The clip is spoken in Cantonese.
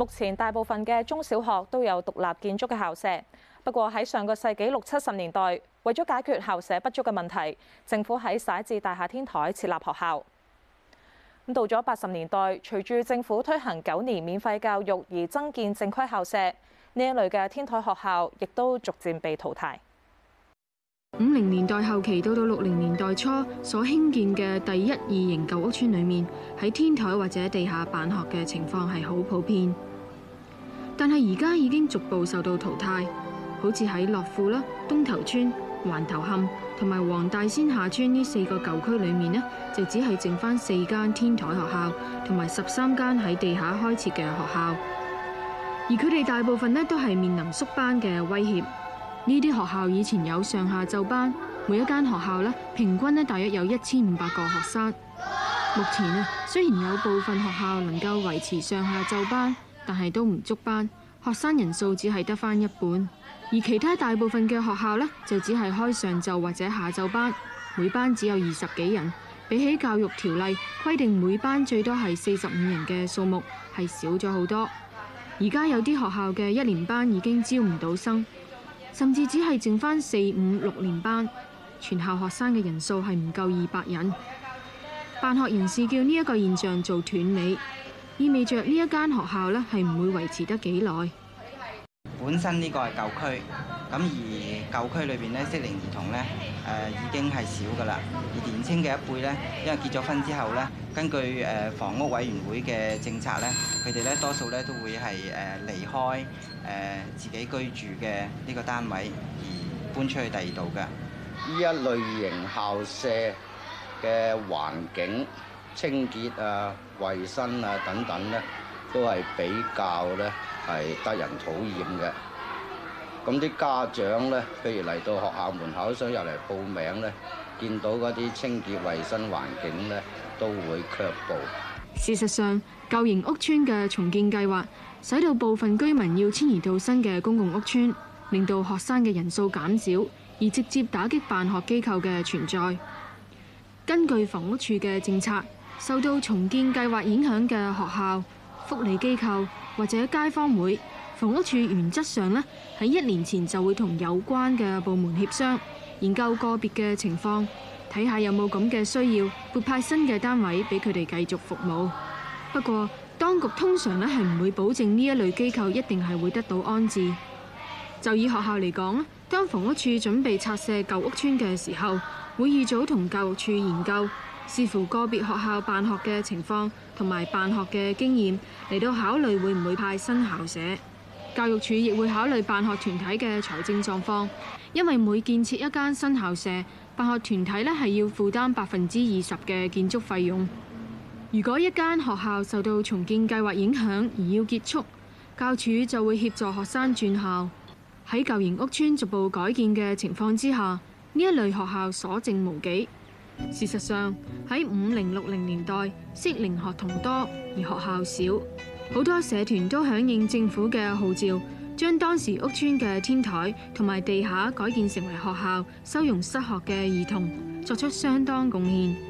目前大部分嘅中小學都有獨立建築嘅校舍，不過喺上個世紀六七十年代，為咗解決校舍不足嘅問題，政府喺徙置大廈天台設立學校。咁到咗八十年代，隨住政府推行九年免費教育而增建正規校舍，呢一類嘅天台學校亦都逐漸被淘汰。五零年代後期到到六零年代初所興建嘅第一、二型舊屋村裏面，喺天台或者地下辦學嘅情況係好普遍，但係而家已經逐步受到淘汰。好似喺樂富啦、東頭村、橫頭磡同埋黃大仙下村呢四個舊區裏面呢，就只係剩翻四間天台學校同埋十三間喺地下開設嘅學校，而佢哋大部分呢，都係面臨縮班嘅威脅。呢啲學校以前有上下晝班，每一間學校呢，平均呢大約有一千五百個學生。目前啊，雖然有部分學校能夠維持上下晝班，但係都唔足班，學生人數只係得返一半。而其他大部分嘅學校呢，就只係開上晝或者下晝班，每班只有二十幾人，比起教育條例規定每班最多係四十五人嘅數目係少咗好多。而家有啲學校嘅一年班已經招唔到生。甚至只係剩翻四五六年班，全校學生嘅人數係唔夠二百人。辦學人士叫呢一個現象做斷尾，意味著呢一間學校呢係唔會維持得幾耐。本身呢個係舊區，咁而舊區裏邊呢適齡兒童呢。誒已經係少㗎喇，而年青嘅一輩呢，因為結咗婚之後呢，根據誒房屋委員會嘅政策呢，佢哋呢多數呢都會係誒離開誒自己居住嘅呢個單位而搬出去第二度嘅。呢一類型校舍嘅環境、清潔啊、衞生啊等等呢，都係比較呢係得人討厭嘅。咁啲家長呢，譬如嚟到學校門口想入嚟報名呢，見到嗰啲清潔衞生環境呢，都會卻步。事實上，舊型屋邨嘅重建計劃，使到部分居民要遷移到新嘅公共屋邨，令到學生嘅人數減少，而直接打擊辦學機構嘅存在。根據房屋署嘅政策，受到重建計劃影響嘅學校、福利機構或者街坊會。房屋處原則上咧，喺一年前就會同有關嘅部門協商，研究個別嘅情況，睇下有冇咁嘅需要撥派新嘅單位俾佢哋繼續服務。不過，當局通常咧係唔會保證呢一類機構一定係會得到安置。就以學校嚟講，當房屋處準備拆卸舊屋村嘅時候，會預早同教育處研究，視乎個別學校辦學嘅情況同埋辦學嘅經驗嚟到考慮會唔會派新校舍。教育署亦會考慮辦學團體嘅財政狀況，因為每建設一間新校舍，辦學團體呢係要負擔百分之二十嘅建築費用。如果一間學校受到重建計劃影響而要結束，教署就會協助學生轉校。喺舊型屋邨逐步改建嘅情況之下，呢一類學校所剩無幾。事實上喺五零六零年代，適齡學童多而學校少。好多社團都響應政府嘅號召，將當時屋邨嘅天台同埋地下改建成為學校，收容失學嘅兒童，作出相當貢獻。